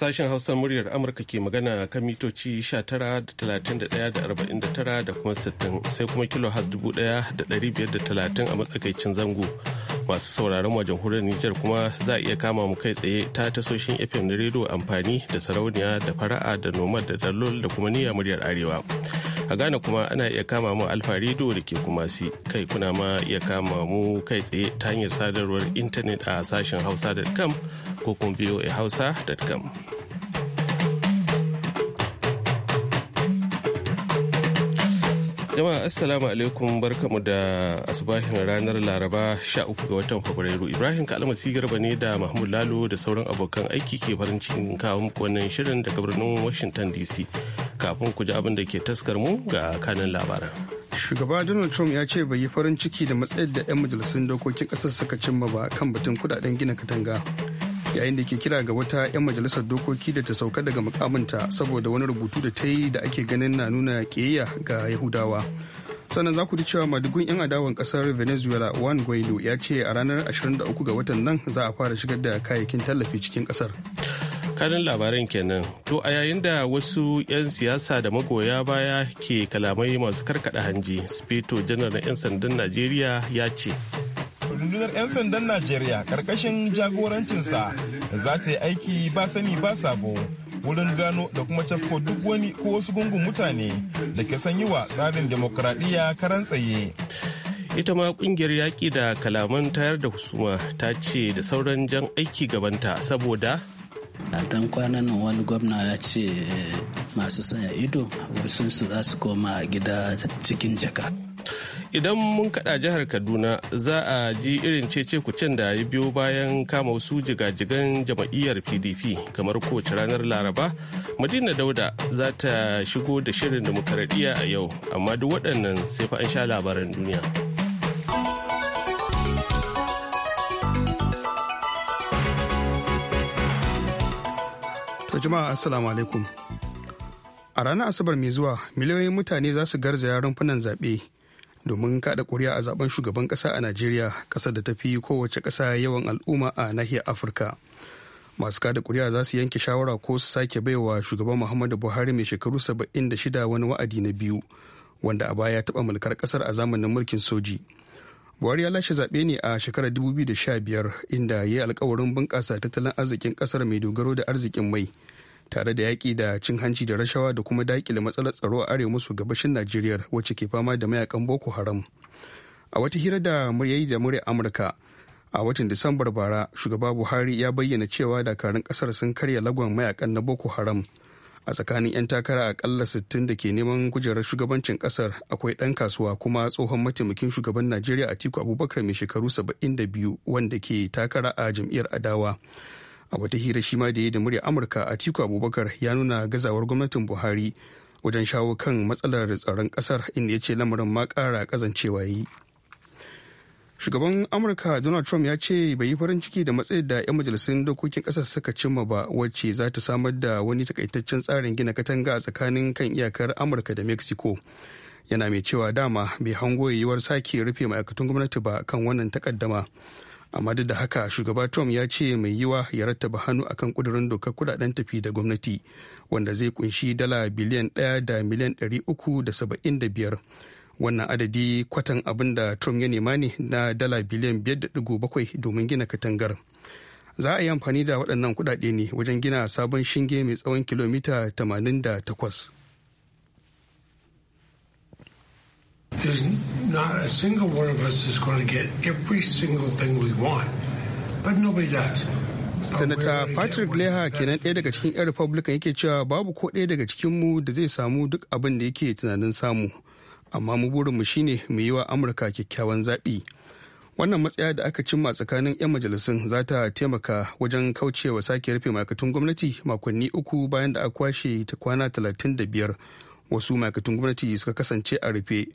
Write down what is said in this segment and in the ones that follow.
Sashen Hausa muryar Amurka ke magana kan mitoci 19,31,49 da kuma 60 sai kuma da 1,530 a matsakaicin zango. Masu sauraron wajen jamhuriyar Nijar kuma za a iya kama mu kai tsaye ta tasoshin FM na rediyo amfani da sarauniya da fara'a da nomad da dalol da kuma niyya muryar Arewa. a Ghana kuma ana iya kama mu Alfa rediyo da ke Kumasi kai kuna ma iya kama mu kai tsaye ta hanyar sadarwar intanet a sashen hausa.com ko kuma voahausa.com. Jama'a Assalamu alaikum barkamu da asubahin ranar Laraba 13 ga watan Fabrairu. Ibrahim Kalmasi Garba ne da Mahmud Lalo da sauran abokan aiki ke farin cikin kawo muku wannan shirin daga birnin Washington DC. Kafin ku ji abin da ke taskar mu ga kanin labaran. Shugaba Donald Trump ya ce bai yi farin ciki da matsayar da 'yan majalisun dokokin ƙasar suka cimma ba kan batun kudaden gina katanga. yayin da ke kira ga wata 'yan majalisar dokoki da ta sauka daga mukamanta saboda wani rubutu da ta yi da ake ganin na nuna ƙiyayya ga yahudawa sannan za ku ji cewa madugun 'yan adawan kasar venezuela juan guaido ya ce a ranar 23 ga watan nan za a fara shigar da kayayyakin tallafi cikin kasar kanin labarin kenan to a yayin da wasu 'yan siyasa da magoya baya ke kalamai masu karkada hanji spito janar 'yan sandan najeriya ya ce rundunar 'yan sandan najeriya karkashin jagorancinsa za ta yi aiki ba sani ba sabo wurin gano da kuma cafko duk wani ko wasu gungun mutane da ke sanyi wa tsarin demokuraɗiyya karan tsaye ita ma kungiyar yaƙi da kalaman tayar da husuma ta ce da sauran jan aiki gabanta saboda a dan kwanan nan wani gwamna ya ce eh, masu sanya ido wasu su za su koma gida cikin jaka idan mun kada jihar kaduna za a ji irin cece kucen da ya biyo bayan kama wasu jigajigan jama'iyyar pdp kamar kowace ranar laraba madina dauda za ta shigo da shirin demokaradiyya a yau amma duk waɗannan sai fa an sha labaran duniya jama'a assalamu alaikum a ranar asabar mai zuwa miliyoyin mutane za su garzaya rumfunan zaɓe domin kada kuri'a a zaben shugaban kasa a najeriya kasar da ta fi kowace kasa yawan al'umma a nahiyar afirka masu kada kuri'a za su yanke shawara ko su sake baiwa shugaban muhammadu buhari mai shekaru 76 wani wa'adi na biyu wanda a baya ya taɓa mulkar kasar a zamanin mulkin soji buhari ya lashe zaɓe ne a shekarar 2015 inda ya yi alkawarin bunƙasa tattalin arzikin ƙasar mai dogaro da arzikin mai tare da yaƙi da cin hanci da rashawa da kuma daƙile matsalar tsaro a arewa musu gabashin najeriya wacce ke fama da mayakan boko haram a wata hira da muryayi da murya amurka a watan disambar bara shugaba buhari ya bayyana cewa dakarun ƙasar sun karya lagon mayakan na boko haram a tsakanin 'yan takara akalla 60 da ke neman kujerar shugabancin ƙasar, akwai ɗan kasuwa kuma tsohon mataimakin shugaban najeriya atiku abubakar mai shekaru 72 wanda ke takara a jam'iyyar adawa a wata hira shi ma da yi da murya amurka a tiku abubakar ya nuna gazawar gwamnatin buhari wajen shawo kan matsalar tsaron kasar inda ya ce lamarin ma kara kazancewa yi shugaban amurka donald trump ya ce bai yi farin ciki da matsayin da 'yan majalisun dokokin kasar suka cimma ba wacce za ta samar da wani takaitaccen tsarin gina katanga tsakanin kan iyakar amurka da mexico yana mai cewa dama bai hango yiwuwar sake rufe ma'aikatan gwamnati ba kan wannan takaddama amma duk da haka shugaba trump ya ce mai yiwa ya rattaba hannu akan kudurin dokar kudaden tafi da gwamnati wanda zai kunshi dala biliyan ɗaya da miliyan ɗari da saba'in da biyar wannan adadi kwatan abin da trump ya nema ne na dala biliyan biyar da bakwai domin gina katangar za a yi amfani da waɗannan kudade ne wajen gina sabon shinge mai tsawon kilomita 88 There's not a single one of us is going to get every single thing we want, but nobody does. Sanata Patrick Leha kenan ɗaya daga cikin 'yan Republican yake cewa babu ko ɗaya daga cikinmu da zai samu duk abin da yake tunanin samu. Amma mu burinmu shine mu yi wa Amurka kyakkyawan zaɓi. Wannan matsaya da aka cimma tsakanin 'yan majalisun za ta taimaka wajen kaucewa sake rufe ma'aikatan gwamnati makonni uku bayan da aka kwashe ta kwana 35 wasu ma'aikatan gwamnati suka kasance a rufe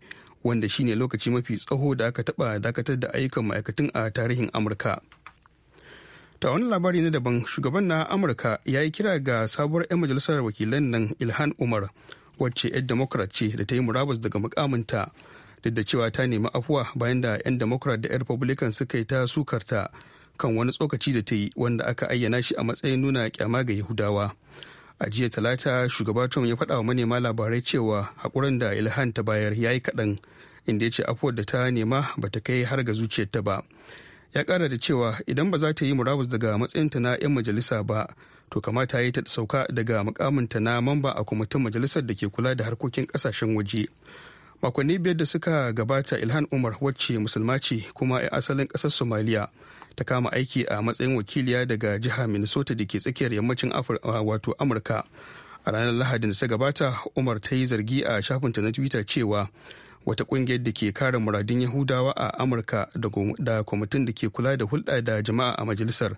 wanda shine lokaci mafi tsaho da aka taba dakatar da ayyukan ma'aikatan a tarihin amurka ta wani labari na daban shugaban na amurka ya yi kira ga sabuwar 'yan majalisar wakilan nan ilhan umar wacce 'yan democrat ce da ta yi murabus daga mukaminta duk da cewa ta nemi afuwa bayan da 'yan democrat da 'yan republican suka yi ta sukarta kan wani tsokaci da ta yi wanda aka ayyana shi a matsayin nuna kyama ga yahudawa a jiya talata shugaba trump ya faɗa wa manema labarai cewa haƙurin da ilhan ta bayar ya yi kaɗan inda ya ce afuwar da ta nema ba ta kai har ga zuciyarta ba ya ƙara da cewa idan ba za ta yi murabus daga matsayinta na 'yan majalisa ba to kamata ya ta sauka daga mukaminta na mamba a kwamitin majalisar da ke kula da harkokin ƙasashen waje makonni biyar da suka gabata ilhan umar wacce musulma ce kuma 'yan asalin ƙasar somaliya ta kama aiki a matsayin wakiliya daga jiha minnesota da ke tsakiyar yammacin wato amurka a ranar lahadin da ta gabata umar ta yi zargi a shafinta na twitter cewa wata kungiyar da ke kare muradin yahudawa a amurka da kwamitin da ke kula da hulɗa da jama'a a majalisar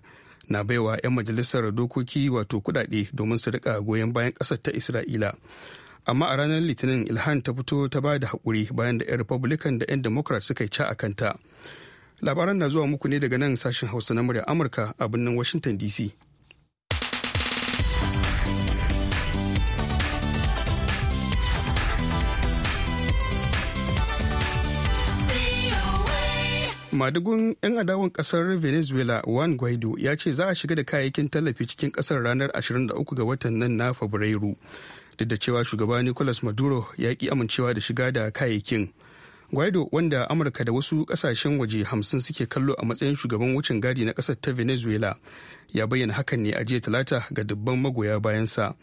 na baiwa 'yan majalisar dokoki wato kudade domin su rika goyon bayan ƙasar ta isra'ila amma a ranar litinin ilhan ta fito ta ba da haƙuri bayan da 'yan republican da 'yan democrat suka yi ca a kanta labaran na zuwa muku ne daga nan sashen hausa na murya amurka a birnin washington dc madugun 'yan adawan kasar venezuela juan guaido ya ce za a shiga da kayayyakin tallafi cikin kasar ranar 23 ga watan nan na fabrairu duk da cewa shugaba nicolas maduro ya ki amincewa da shiga da kayayyakin guaido wanda amurka da wasu kasashen waje hamsin suke kallo a matsayin shugaban wucin gadi na kasar ta venezuela ya bayyana hakan ne a jiya talata ga dubban magoya bayansa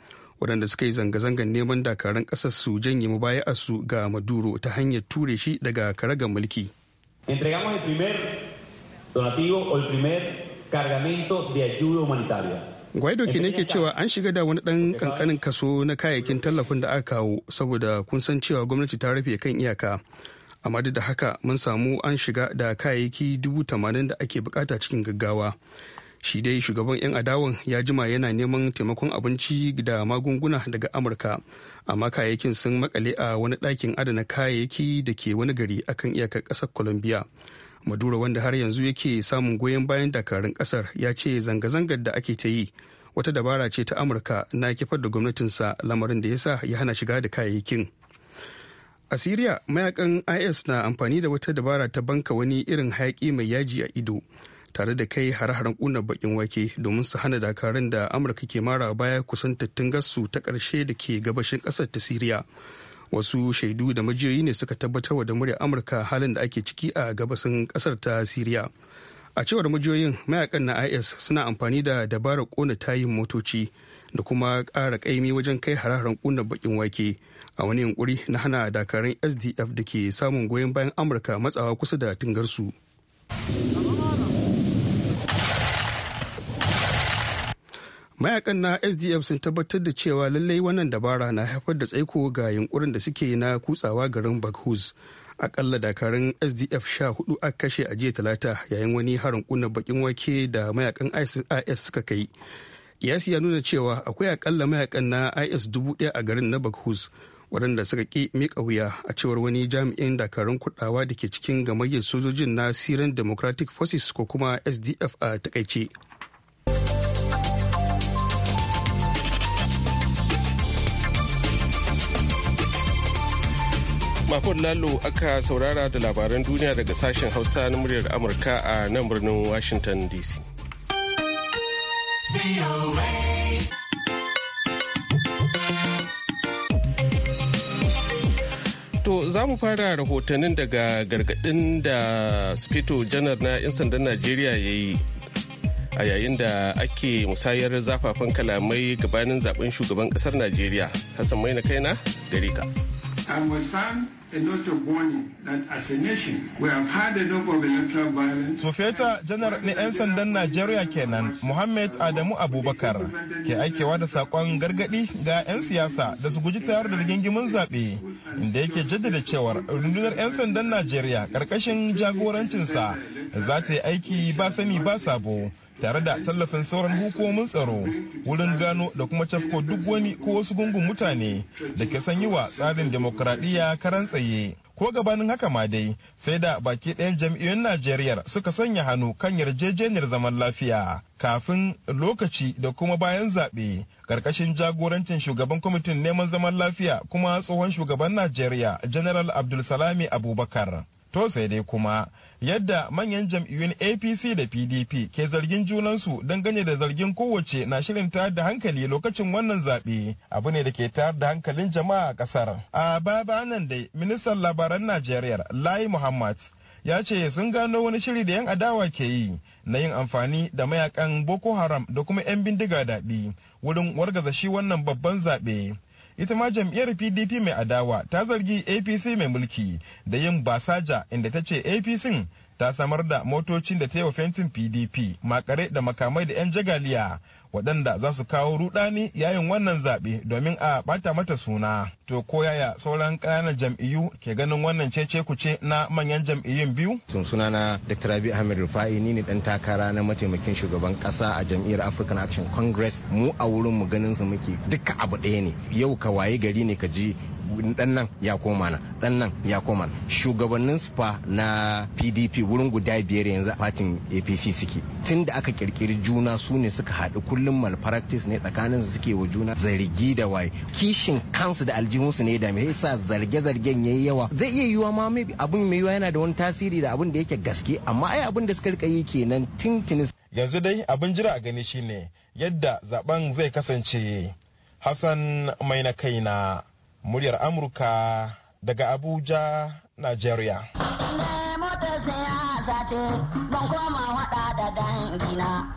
waɗanda suka yi zanga-zangar neman dakarun ƙasar su janye su ga maduro ta hanyar ture shi daga karagar mulki Guaido ke ke cewa an shiga da wani ɗan kankanin kaso na kayayyakin tallafin da aka kawo saboda kun san cewa gwamnati ta rufe kan iyaka amma duk da haka mun samu an shiga da kayayyaki dubu tamanin da ake bukata cikin gaggawa shi dai shugaban 'yan adawan ya jima yana neman taimakon abinci da magunguna daga amurka amma kayayyakin sun makale a wani ɗakin adana kayayyaki da ke wani gari akan iyakar ƙasar colombia maduro wanda har yanzu yake samun goyon bayan dakarun ƙasar ya ce zanga-zangar da ake ta yi wata dabara ce ta amurka na kifar da gwamnatinsa lamarin da ya sa ya hana shiga da kayayyakin a siriya mayakan is na amfani da wata dabara ta banka wani irin hayaki mai yaji a ido tare da kai har-haren kuna bakin wake domin su hana dakarun da amurka ke mara baya kusantattun gasu ta karshe da ke gabashin ƙasar ta siriya wasu shaidu da majiyoyi ne suka tabbatar da murya amurka halin da ake ciki a gabasin ƙasar ta siriya a cewar majiyoyin mayakan na is suna amfani da dabarar kona tayin motoci da kuma ƙara ƙaimi wajen kai har-haren kuna bakin wake a wani yunkuri na hana dakarun sdf da ke samun goyon bayan amurka matsawa kusa da tingarsu mayakan na sdf sun tabbatar da cewa lallai wannan dabara na haifar da tsaiko ga yunkurin da suke na kutsawa garin bakhus akalla dakarun sdf sha hudu a kashe a jiya talata yayin wani harin kuna bakin wake da mayakan is suka kai yasi ya nuna cewa akwai akalla mayakan na is dubu daya a garin na bakhus waɗanda suka ƙi miƙa wuya a cewar wani jami'in dakarun kudawa da ke cikin gamayyar sojojin na syrian democratic forces ko kuma sdf a takaice makon Lalo aka saurara da labaran duniya daga sashen Hausa na muryar Amurka a nan birnin Washington DC. To za mu fara rahotannin daga gargadin da Sufeto janar na 'yan sandan Najeriya ya yi a yayin da ake musayar zafafan kalamai gabanin zaben shugaban kasar Najeriya. Hassan Maina kaina gare ka. And we Sufeta janar na 'yan sandan Najeriya kenan Muhammad Adamu Abubakar ke aikewa da sakon gargaɗi ga 'yan siyasa da su guji tayar da rigingimin zaɓe inda yake jaddada cewar rundunar 'yan sandan Najeriya ƙarƙashin jagorancinsa za ta yi aiki ba sani ba sabo tare da tallafin sauran hukumomin tsaro wurin gano da kuma cafko duk wani ko wasu gungun mutane da ke sanyi wa tsarin dimokuraɗiyya karan tsaye tsaye ko gabanin haka ma dai sai da baki ɗayan jam'iyyun najeriya suka sanya hannu kan yarjejeniyar zaman lafiya kafin lokaci da kuma bayan zaɓe ƙarƙashin jagorancin shugaban kwamitin neman zaman lafiya kuma tsohon shugaban najeriya general abdulsalami abubakar To sai dai kuma yadda manyan jam'iyyun APC da PDP ke zargin junansu gane da zargin kowace na shirin tayar da hankali lokacin wannan zaɓe abu ne da ke tayar da hankalin jama'a a ƙasar. A baya nan dai ministan labaran Najeriya Lai Muhammad ya ce sun gano wani shiri da 'yan adawa ke yi na yin amfani da mayakan Boko Haram da kuma 'yan bindiga daɗi wurin wargaza shi wannan babban zaɓe. ita ma jam'iyyar pdp mai adawa ta zargi apc mai mulki da yin basaja inda ta ce apc ta samar da motocin da ta yi wa fentin pdp makare da makamai da 'yan jagaliya waɗanda za su kawo rudani yayin wannan zaɓe domin a ɓata mata suna. To ko yaya sauran ƙananan jam'iyyu ke ganin wannan cece kuce na manyan jam'iyyun biyu? Tun sunana Dr. Rabi Ahmed Rufai ni ne ɗan takara na mataimakin shugaban ƙasa a jam'iyyar African Action Congress. Mu a wurin mu ganin su muke duka abu ɗaya ne. Yau ka waye gari ne ka ji dan nan ya koma na dan nan ya koma shugabannin spa na pdp wurin guda biyar yanzu a fatin apc suke tun da aka kirkiri juna su ne suka haɗu kullum kullum malpractice ne tsakanin su suke wa juna zargi da waye kishin kansu da aljihunsu ne da me yasa zarge-zargen yayi yawa zai iya yiwa ma maybe abin mai yiwa yana da wani tasiri da abin da yake gaske amma ai abin da suka rika yi kenan tintinis yanzu dai abin jira a gani shine yadda zaben zai kasance hassan mai na kaina muryar amurka daga abuja nigeria don koma da dangina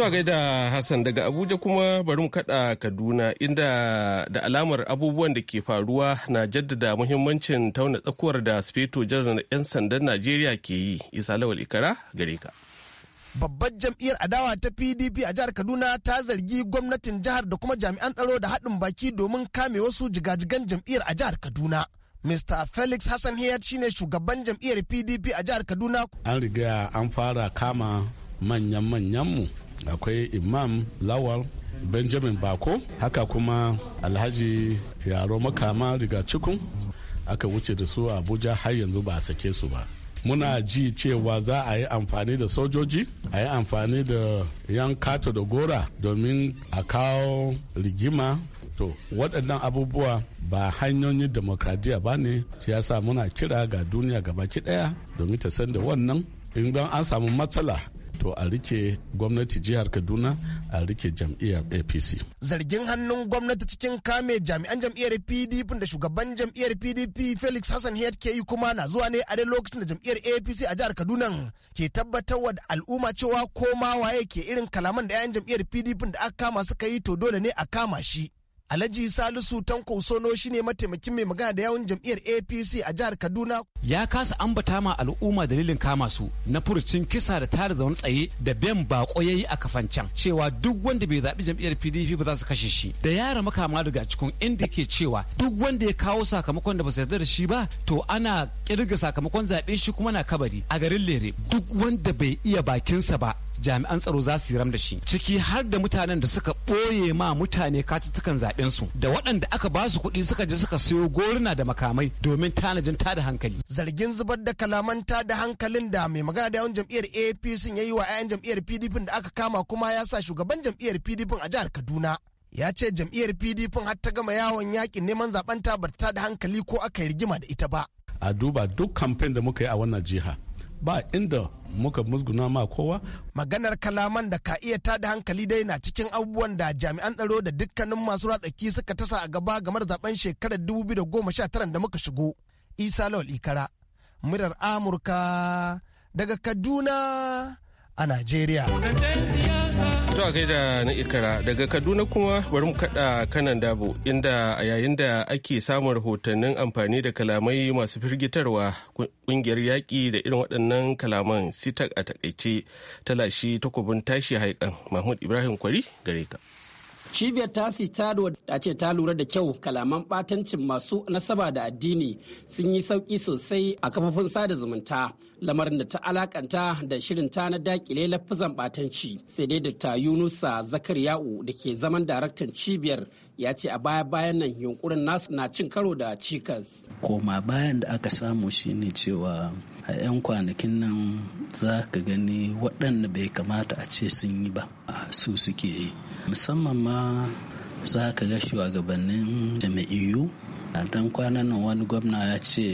To gaida Hassan daga Abuja kuma bari mu kada Kaduna inda da alamar abubuwan da ke faruwa na jaddada muhimmancin tauna tsakuwar da Sufeto Janar 'yan sandan Najeriya ke yi. Isa Lawal Ikara gare ka. babbar jam'iyyar adawa ta pdp a jihar kaduna ta zargi gwamnatin jihar da kuma jami'an tsaro da haɗin baki domin kame wasu jigajigan jam'iyyar a jihar kaduna Mr. Felix Hassan Hiyar shine shugaban jam'iyyar PDP a jihar Kaduna. An riga an fara kama manyan manyanmu akwai imam lawal benjamin bako haka kuma alhaji yaro makama riga cikun aka wuce da su abuja har yanzu ba a sake su ba muna ji cewa za a yi amfani da sojoji a yi amfani da yan kato da gora domin a kawo rigima to waɗannan abubuwa ba hanyoyin demokradiyya ba ne shi yasa muna kira ga duniya gabaki ɗaya domin ta san da wannan in an samu matsala to a rike gwamnati jihar kaduna a rike jam'iyyar apc zargin hannun gwamnati cikin kame jami'an jam'iyyar pdp da shugaban jam'iyyar pdp felix hassan head ke yi kuma na zuwa ne a dai lokacin da jam'iyyar apc a jihar kaduna ke wa da al'umma cewa ko ma waye ke irin kalaman da 'ya'yan jam'iyyar pdp da aka kama suka yi to dole ne a kama shi Alhaji Salisu Tanko Sono ne mataimakin mai magana da yawun jam'iyyar APC a jihar Kaduna. Ya kasa ambata ma al'umma dalilin kama su na furucin kisa da tare da wani tsaye da Ben Bako yayi a kafancan cewa duk wanda bai zaɓi jam'iyyar PDP ba za su kashe shi. Da yara makama daga cikin inda ke cewa duk wanda ya kawo sakamakon da ba su yarda da shi ba to ana kirga sakamakon zaɓe shi kuma na kabari a garin Lere duk wanda bai iya bakinsa ba jami'an tsaro za su ram da shi ciki har da mutanen da suka ɓoye ma mutane katutukan zaɓen su da waɗanda aka ba su kuɗi suka je suka sayo goruna da makamai domin tanajin da hankali zargin zubar da kalaman ta da hankalin da mai magana da yawan jam'iyyar APC ya yi wa 'ya'yan jam'iyyar PDP da aka kama kuma ya sa shugaban jam'iyyar PDP a jihar Kaduna ya ce jam'iyyar pdp har ta gama yawon yakin neman zaɓen ta da hankali ko aka yi rigima da ita ba a duba duk kamfen da muka yi a wannan jiha ba inda muka musguna ma kowa. Maganar kalaman da ka iya tada hankali dai na cikin abubuwan da jami'an tsaro da dukkanin masu ratsaki suka tasa a gaba game da zaben shekarar 2019 da muka shigo. Isa Lawal Ikara, murar Amurka daga Kaduna a Najeriya. To a gaida na ikara daga Kaduna kuma bari mu kada kanan dabo inda a yayin da ake samun rahotannin amfani da kalamai masu firgitarwa kungiyar yaƙi da irin waɗannan kalaman sitak a takaice talashi takobin tashi haikan Mahmud Ibrahim Kwari gare ka. cibiyar tasi tado ta ce ta lura da kyau kalaman batancin masu nasaba da addini sun yi sauki sosai a kafofin sada zumunta lamarin da ta alakanta da shirin ta na dakile lafizan batanci sai dai da ta yunusa zakariya'u da ke zaman daraktan cibiyar ya ce a baya bayan nan yunkurin nasu na cin karo da cikas koma bayan da aka samu shine cewa a 'yan kwanakin nan za ka gani waɗanda bai kamata a ce sun yi ba su suke yi musamman ma za ka ga shugabannin jami'iyu dan kwanan nan wani gwamna ya ce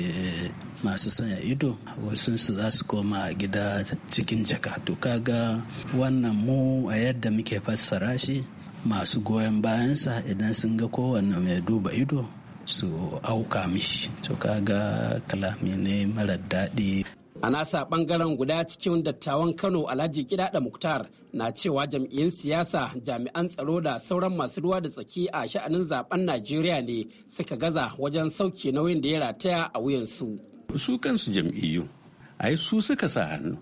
masu sanya ido wasu su za su koma a gida cikin jaka to kaga wannan mu a yadda muke fassara shi masu goyon bayansa idan sun ga kowanne mai duba ido su auka mishi to ga kalami ne marar daɗi a nasa bangaren guda cikin dattawan kano alhaji kidada muktar na cewa jam'iyyun siyasa jami'an tsaro da sauran masu ruwa da tsaki a sha'anin zaben najeriya ne suka gaza wajen sauke nauyin da ya rataya a wuyansu su kansu jam'iyyu yi su suka sa hannu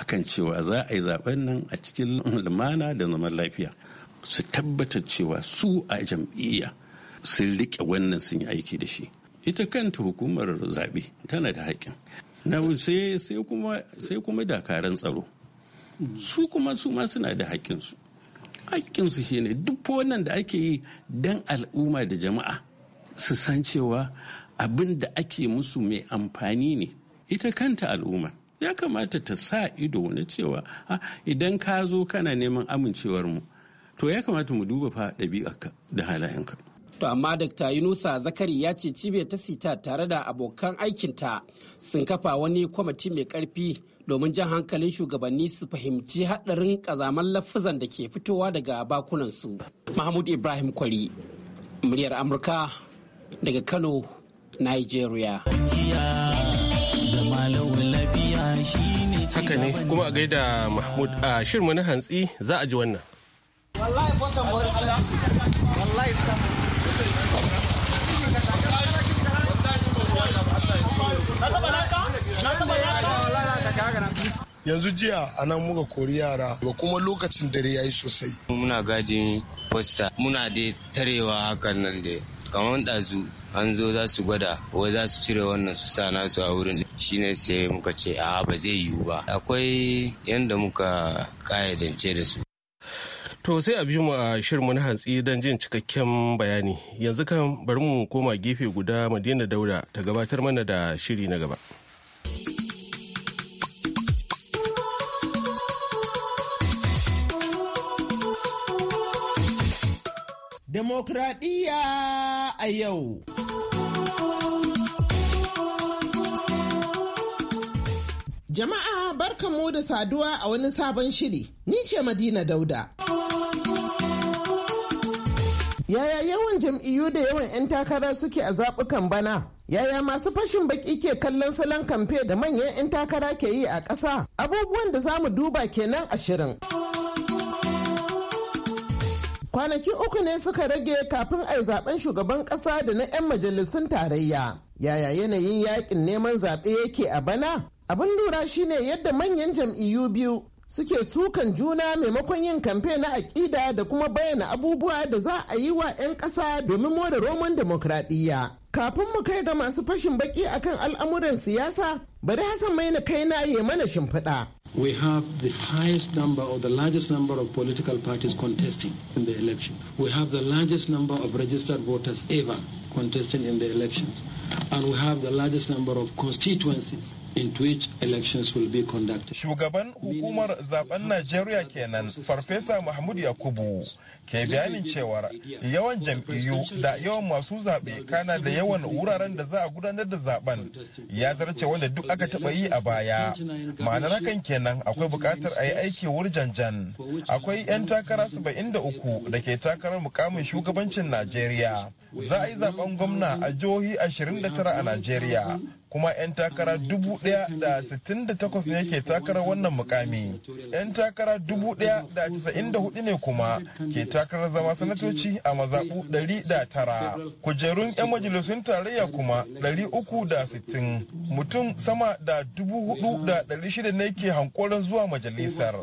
akan cewa za a yi zaben nan a cikin lumana da zaman lafiya su tabbatar cewa su a jam'iyya sun riƙe wannan sun yi aiki da shi ita kanta hukumar zaɓe tana da haƙƙin na sai kuma dakaran tsaro su kuma su ma suna da haƙƙinsu haƙƙinsu shi ne duk wannan da ake yi don al'umma da jama'a su san cewa abin da ake musu mai amfani ne ita kanta al'umma ya kamata ta sa ido na cewa ah, idan ka zo kana neman amincewar mu to ya kamata mu duba fa ɗabi'arka da halayenka. To amma Dr. Yunusa Zakari ya ce cibiyar ta sita tare da abokan aikinta sun kafa wani kwamiti mai ƙarfi domin jan hankalin shugabanni su fahimci haɗarin ƙazaman lafizan da ke fitowa daga su. Mahmud Ibrahim Kwari, muryar Amurka daga Kano, Nigeria. Haka ne kuma a gaida Mahmud a shirma na hantsi za a ji wannan. yanzu jiya a nan muka kori yara ba kuma lokacin dare ya yi sosai muna gadin posta muna dai tarewa hakan nan da kamar ɗazu an zo za su gwada ko za su cire wannan su sa nasu a wurin shine sai muka ce a ba zai yiwu ba akwai yadda muka ƙayyadance da su To sai a bi mu a mu na hantsi don jin cikakken bayani. Yanzu kan bari mu koma gefe guda Madina Dauda ta gabatar mana da shiri na gaba. Demokradiyya a yau. Jama'a barkanmu da saduwa a wani sabon shiri, ni ce Madina Dauda. Yaya yawan jam'iyyu da yawan 'yan takara suke a zaɓukan bana? Yaya masu fashin baki ke kallon salon kamfe da manyan 'yan takara ke yi a ƙasa? Abubuwan da za mu duba kenan ashirin. Kwanaki uku ne suka rage kafin a zaben shugaban ƙasa da na 'yan majalisun tarayya. Yaya yanayin yakin neman zaɓe yake a bana? Abin lura shine yadda manyan jam'iyyu biyu suke sukan juna maimakon yin kamfe na aƙida da kuma bayyana abubuwa da za a yi wa 'yan ƙasa domin more roman demokradiyya. Kafin mu kai ga masu fashin baki akan al'amuran siyasa, bari Hassan Maina kaina ya mana shimfiɗa. We have the highest number or the largest number of political parties contesting in the election. We have the largest number of registered voters ever contesting in the elections. And we have the largest number of constituencies into which elections will be conducted. Shugaban hukumar zaben Najeriya kenan Farfesa Mahmud Yakubu ke bayanin cewar yawan jam'iyyu da yawan masu zaɓe kana da yawan wuraren da za a gudanar da zaben ya zarce wanda duk aka taɓa yi a baya ma'anar hakan kenan akwai buƙatar a yi aiki wurjanjan akwai 'yan takara saba'in da uku da ke takarar mukamin shugabancin najeriya za a yi zaben gwamna a jihohi ashirin da tara a najeriya kuma 'yan takara dubu ɗaya da da sittin takwas ne ke takarar wannan mukami 'yan takara dubu ɗaya da da hudu ne kuma ke takarar zama sanatoci a mazaɓu 109 kujerun 'yan majalisun tarayya kuma 360 mutum sama da 4,600 ne ke hankoron zuwa majalisar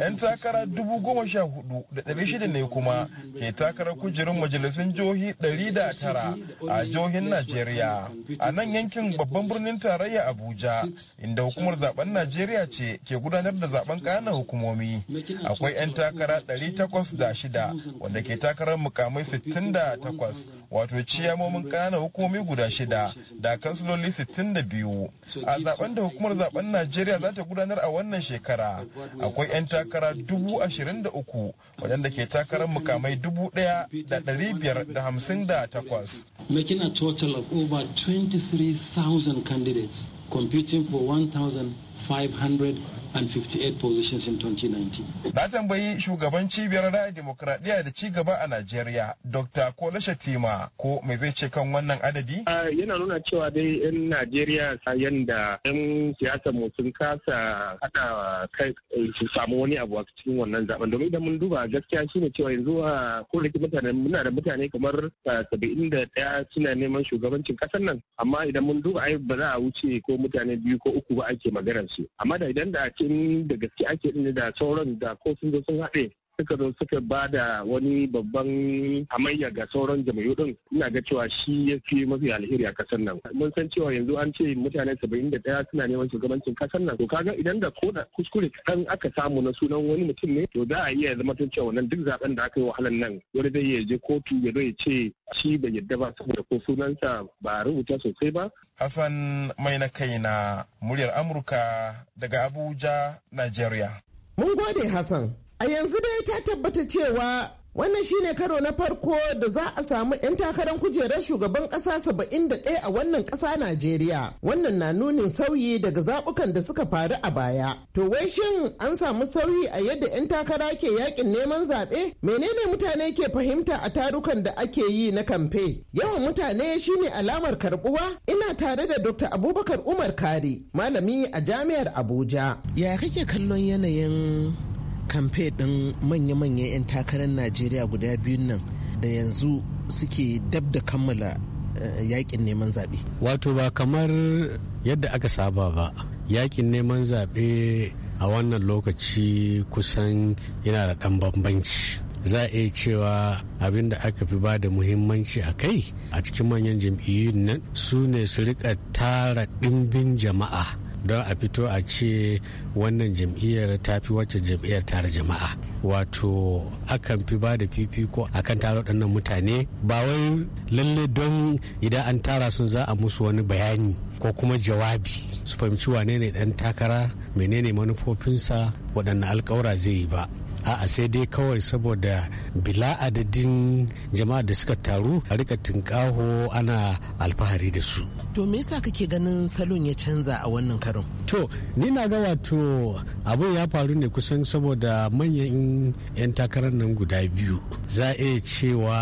'yan takara 14,600 ne kuma ke takarar kujerun majalisun jihohi 109 a jihohin najeriya a nan yankin babban birnin tarayya abuja inda hukumar zaben najeriya ce ke gudanar da zaben ƙananan hukumomi akwai 'yan takara 806 shida wanda ke takarar mukamai 68 wato ciyamomin ƙananan hukumomi guda shida da kansiloli 62 a zaben da hukumar zaben najeriya za ta gudanar a wannan shekara akwai 'yan takara 23 wadanda ke takarar mukamai 1,558 making a total of over 23,000 candidates computing for 1,500 158 positions in 2019. Na tambayi shugaban cibiyar ra'ayin demokradiyya da cigaba a Najeriya, Dr. Kola Shatima, ko mai zai ce kan wannan adadi? Ah, yana nuna cewa dai 'yan Najeriya yanda 'yan siyasar mu sun kasa hada kai su samu wani abu a cikin wannan zaben. Domin idan mun duba gaskiya shine cewa yanzu a ah, kodayake mutane muna da mutane kamar ah, saba'in ɗaya suna neman shugabancin kasar nan. Amma idan mun duba ai ba za a wuce ko mutane biyu ko uku ba ake maganar Amma da idan da in da gaske ake da sauran da ko sun zo sun haɗe suka zo suka ba da wani babban hamayya ga sauran jam'i'u din ina ga cewa shi ya fi mafi alheri a kasar nan mun san cewa yanzu an ce mutane saba'in da ɗaya suna neman shugabancin kasar nan to kaga idan da koda kuskure kan aka samu na sunan wani mutum ne to za a iya zama tun cewa nan duk zaben da aka yi wahalan nan wani zai iya je kotu ya zo ce shi bai yadda ba saboda ko sunansa ba rubuta sosai ba Hassan mai na kai na muryar Amurka daga Abuja, Nigeria. Mun gode Hassan. A yanzu dai ta tabbata cewa wannan shine karo na farko da za a samu 'yan takarar kujerar shugaban kasa 71 a wannan kasa Najeriya. Wannan na nunin sauyi daga zabukan da suka faru a baya. To wai shin an samu sauyi a yadda 'yan takara ke yakin neman zaɓe? Menene mutane ke fahimta a tarukan da ake yi na kamfe? Yawan mutane shine alamar karbuwa? Ina tare da Dr. Abubakar Umar Kari, malami a Jami'ar Abuja. Ya kake kallon yanayin kamfe ɗin manya-manyan 'yan takarar najeriya guda biyun nan da yanzu suke dab da kammala eh, yakin neman zaɓe. wato ba kamar yadda aka saba ba yakin neman zaɓe a wannan lokaci kusan yana da ɗan bambanci za a iya cewa abin da aka fi ba da muhimmanci a kai a cikin manyan jam'iyyun nan su ne su rika tara ɗimbin jama'a don a fito a ce wannan jam'iyyar ta fi wacce jam'iyyar tare jama'a wato akan fi ba da fifiko a kan tara waɗannan mutane ba wai lalle don idan an tara sun za a musu wani bayani ko kuma jawabi su fahimci wane ne ɗan takara menene manufofinsa waɗannan alkawura zai yi ba a'a sai dai kawai saboda bila adadin jama'a da suka taru a rika tinkaho ana alfahari da su to me yasa kake ganin salon ya canza a wannan karon to ni na ga wato abu ya faru ne kusan saboda manyan 'yan takarar nan guda biyu za a iya cewa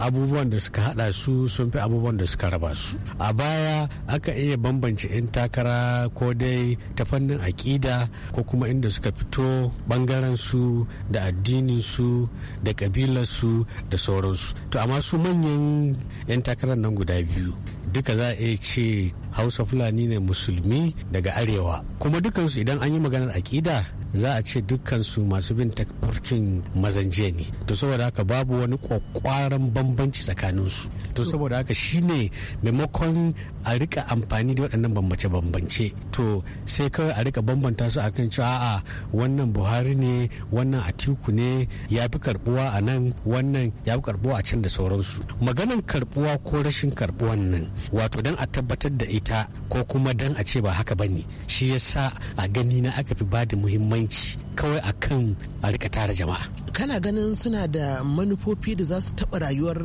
abubuwan da suka hada su sun fi abubuwan da suka raba su a baya aka iya bambance 'yan takara ko dai ta fannin aƙida ko kuma inda suka fito bangaren su da addininsu da kabilarsu da sauransu to amma su manyan 'yan takarar nan guda biyu duka za a iya ce hausa fulani ne musulmi daga arewa kuma dukansu idan an yi maganar aƙida za a ce dukansu masu bin tafarkin mazanje ne to saboda haka babu wani kwakwaran bambanci tsakaninsu to saboda haka shine maimakon a rika amfani da waɗannan bambance-bambance to sai kawai a rika bambanta su akan cewa a wannan buhari ne wannan atiku ne ya fi karbuwa a nan wannan ya fi karbuwa a can da sauransu maganan karbuwa ko rashin karbuwan nan wato don a tabbatar da ita ko kuma dan a ce ba haka ba ne shi yasa a gani na aka fi ba muhimmanci kawai a kan a rika tara jama'a kana ganin suna da manufofi da za su taɓa rayuwar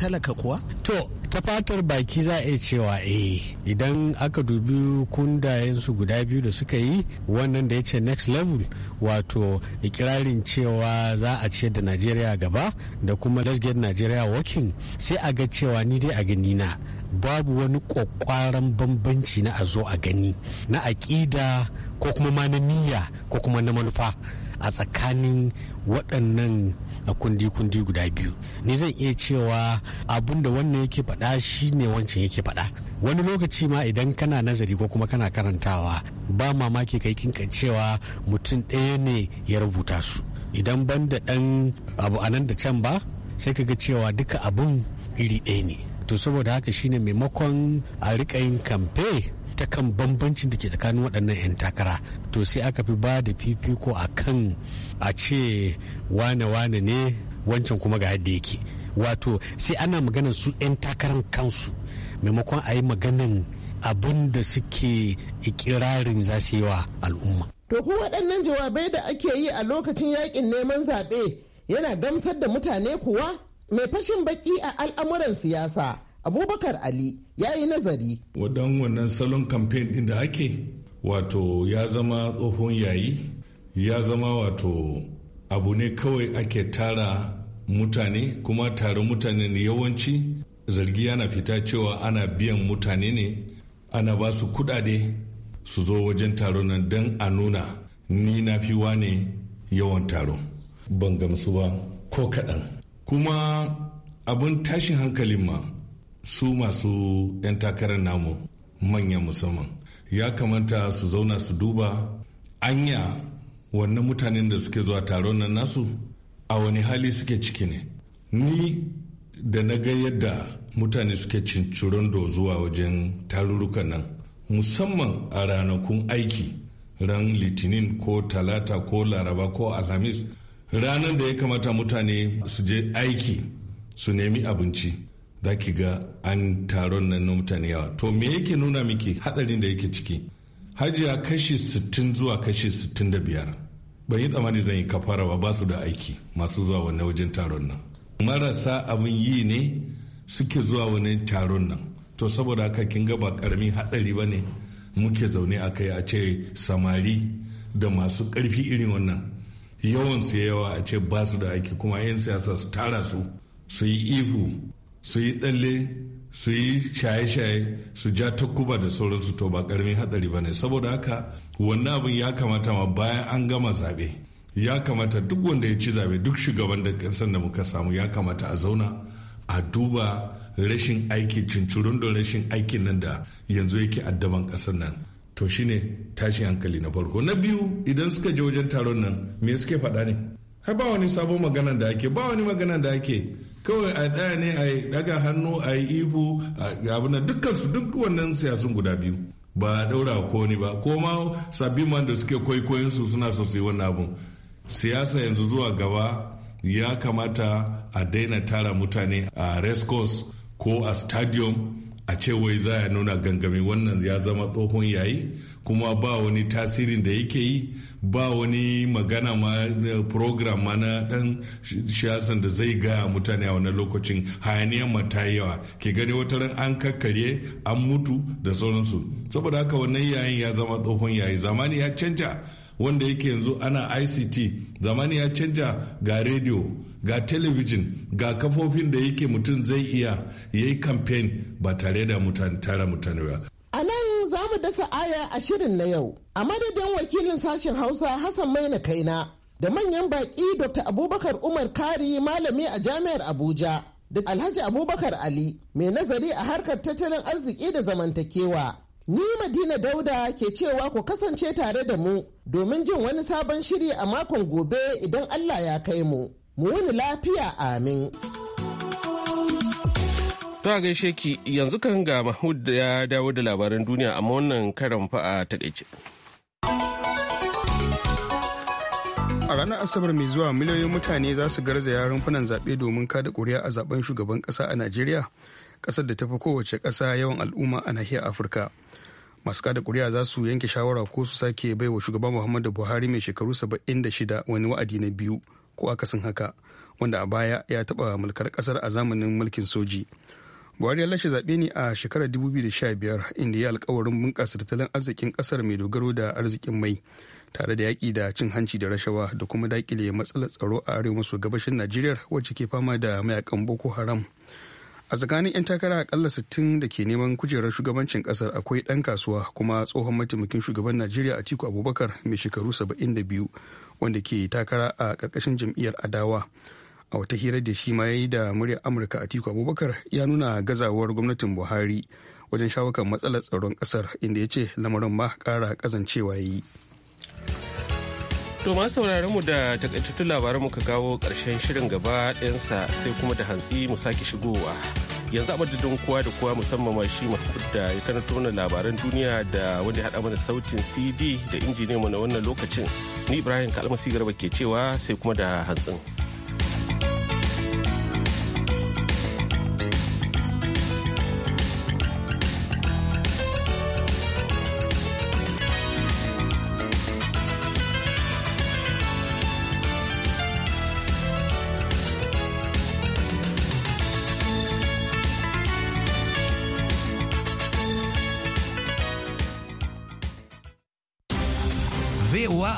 talaka kuwa to ta fatar baki za a iya cewa eh idan aka dubi kundayensu guda biyu da suka yi wannan da ya ce next level wato ikirarin cewa za a ce da najeriya gaba da kuma let's get nigeria working sai a ga cewa ni dai a gani na babu wani ƙwaƙwaran bambanci na a zo a gani na aƙida ko kuma ma na niyya ko kuma na manufa a tsakanin waɗannan kundi-kundi guda biyu ni zan iya cewa abin da wannan yake faɗa shi ne wancan yake faɗa wani lokaci ma idan kana nazari ko kuma kana karantawa ba mamaki kai kinka cewa mutum ɗaya ne ya rubuta su idan ban da ɗan abu anan da can ba sai ka ga cewa duka abun iri ɗaya ne to saboda haka shine maimakon a rika yin kamfe ta kan bambancin da ke tsakanin waɗannan 'yan takara to sai aka fi ba da fifiko a kan a ce wane-wane ne wancan kuma ga yadda yake wato sai ana maganar su 'yan takarar kansu maimakon a yi maganan abin da suke ikirarin za yi wa al'umma to ku waɗannan jawabai da ake yi a lokacin yakin neman zaɓe yana gamsar da mutane kuwa mai fashin baki a al'amuran siyasa abubakar ali ya yi nazari wadan wannan salon campaign din da ake wato ya zama tsohon yayi ya zama wato abu ne kawai ake tara mutane kuma tare mutane ne yawanci zargi yana fita cewa ana biyan mutane ne ana ba su kudade su zo wajen taro nan don a nuna ni na fi wane yawan taro. ban gamsu ba ko kaɗan kuma abin tashin hankalin ma su masu 'yan takarar namu manyan musamman ya kamata su zauna su duba anya wannan mutanen da suke zuwa taron nan nasu a wani hali suke ciki ne ni da na ga yadda mutane suke da zuwa wajen tarurrukan nan musamman a ranakun aiki ran litinin ko talata ko laraba ko alhamis ranar da ya kamata mutane su je aiki su nemi abinci za ki ga an taron nan na mutane yawa to me yake nuna miki hatsarin da yake ciki hajiya kashi 60 zuwa kashi 65 ban yi tsammani zan yi kafara ba ba su da aiki masu zuwa wani wajen taron nan marasa abin yi ne suke zuwa wani taron nan to saboda haka kin ga ba karamin hatsari ba ne muke zaune a kai a ce samari da masu karfi irin wannan yawan su yawa a ce ba su da aiki kuma 'yan siyasa su tara su su yi ihu su yi tsalle su yi shaye-shaye su ja takuba da sauransu to ba karamin hatsari ba ne saboda haka wannan abin ya kamata ma bayan an gama zaɓe ya kamata duk wanda ya ci zaɓe duk shugaban da ƙasar da muka samu ya kamata a zauna a duba rashin aiki cincirin da rashin aikin nan da yanzu yake addaban ƙasar nan to ne tashin hankali na farko na biyu idan suka je wajen taron nan me suke faɗa ne har ba wani sabon maganan da ake ba wani maganan da ake kawai a ɗaya ne a daga hannu a yi ihu a abin dukkan su duk wannan siyasun guda biyu ba a ɗaura ko ni ba ko ma sabbin man da suke kwaikwayon su suna so su yi wannan abun siyasa yanzu zuwa gaba ya kamata a daina tara mutane a race ko a stadium a ce wai za a nuna gangami wannan ya zama tsohon yayi kuma ba wani tasirin da yake yi ba wani magana ma program ma na dan siyasan da zai gaya mutane a wani lokacin hayaniyar ma ta yawa ke gani wata ran an kakkarye an mutu da sauransu saboda haka wannan yayin ya zama tsohon yayi zamani ya canja wanda yake yanzu ana ict zamani ya canja ga rediyo ga telebijin ga kafofin da yake mutum zai iya ya yi kamfen ba tare da mutane tara mutane ba. A nan za mu dasa aya a shirin na yau, a madadin wakilin sashen Hausa Hassan Maina Kaina da manyan baƙi Dr. Abubakar Umar Kari malami a Jami'ar Abuja. Da Alhaji Abubakar Ali mai nazari a harkar tattalin arziki da zamantakewa. Ni Madina Dauda ke cewa ku kasance tare da mu domin jin wani sabon shiri a makon gobe idan Allah ya kai mu. mu wani lafiya amin. Ta gaishe ki yanzu kan ga Mahmud da ya dawo da labaran duniya amma wannan karan fa a takaice. A ranar Asabar mai zuwa miliyoyin mutane za su garzaya rumfunan zaɓe domin kada ƙuri'a a zaben shugaban ƙasa a Najeriya, ƙasar da ta fi kowace ƙasa yawan al'umma a nahiyar Afirka. Masu kada ƙuri'a za su yanke shawara ko su sake baiwa shugaban Muhammadu Buhari mai shekaru saba'in da shida wani wa'adi na biyu. ko akasin haka wanda a baya ya taɓa mulkar kasar a zamanin mulkin soji buhari ya lashe zaɓe ne a shekarar 2015 inda ya alkawarin bunƙasa tattalin arzikin ƙasar mai dogaro da arzikin mai tare da yaƙi da cin hanci da rashawa da kuma daƙile matsalar tsaro a arewa maso gabashin najeriya wacce ke fama da mayakan boko haram a tsakanin 'yan takara akalla 60 da ke neman kujerar shugabancin kasar akwai ɗan kasuwa kuma tsohon mataimakin shugaban najeriya atiku abubakar mai shekaru 72 wanda ke takara a ƙarƙashin jam'iyyar adawa a wata hira da shi ma ya yi da muryar amurka a tiku abubakar ya nuna gazawar gwamnatin buhari wajen shawakan matsalar tsaron ƙasar inda ya ce lamarin ma ƙara ƙazancewa ya yi To ma sauraron mu da takaitattun labaran muka kawo ƙarshen shirin gaba ɗayansa sai kuma da hantsi mu sake shigowa. yanzu da don kowa da kowa musamman ma shi mukudda ya kana tona labaran duniya da wanda haɗa mana sautin cd da injiniyanmu na wannan lokacin ni ibrahim kalmasi garba ke cewa sai kuma da hantsin.